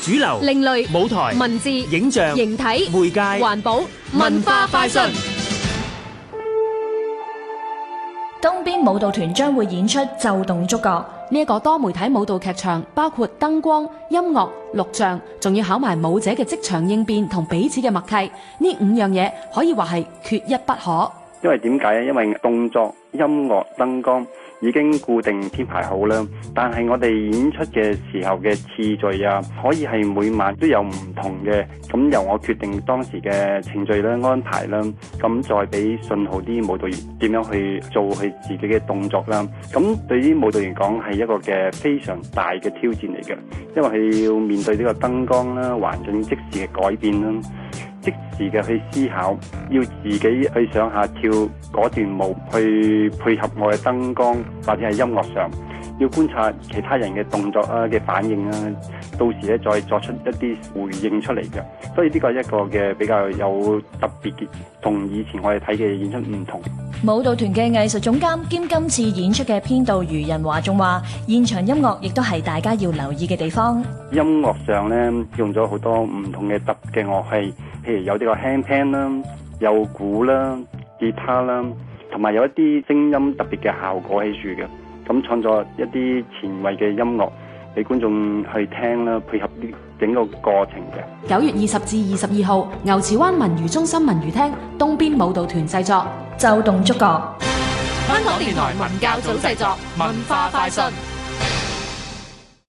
主流、另類舞台、文字、影像、形體、媒介、環保、文化、快進。東邊舞蹈團將會演出《就動觸覺》呢一個多媒體舞蹈劇場，包括燈光、音樂、錄像，仲要考埋舞者嘅即場應變同彼此嘅默契。呢五樣嘢可以話係缺一不可。因為點解啊？因為動作、音樂、燈光。已經固定編排好啦，但係我哋演出嘅時候嘅次序啊，可以係每晚都有唔同嘅，咁由我決定當時嘅程序啦、安排啦，咁再俾信號啲舞蹈員點樣去做佢自己嘅動作啦。咁對於舞蹈員講，係一個嘅非常大嘅挑戰嚟嘅，因為佢要面對呢個燈光啦、環境即時嘅改變啦。即時嘅去思考，要自己去想下跳嗰段舞，去配合我嘅燈光或者係音樂上，要觀察其他人嘅動作啊嘅反應啊，到時咧再作出一啲回應出嚟嘅。所以呢個係一個嘅比較有特別嘅，同以前我哋睇嘅演出唔同。舞蹈團嘅藝術總監兼今次演出嘅編導余仁華仲話：現場音樂亦都係大家要留意嘅地方。音樂上咧用咗好多唔同嘅特嘅樂器。譬如有呢個 hand pan 啦，有鼓啦、吉他啦，同埋有一啲聲音特別嘅效果喺處嘅，咁創作一啲前衛嘅音樂俾觀眾去聽啦，配合啲整個過程嘅。九月二十至二十二號，牛池灣文娛中心文娛廳，東邊舞蹈團製作《就動足角》。香港電台文教組製作，文化快訊。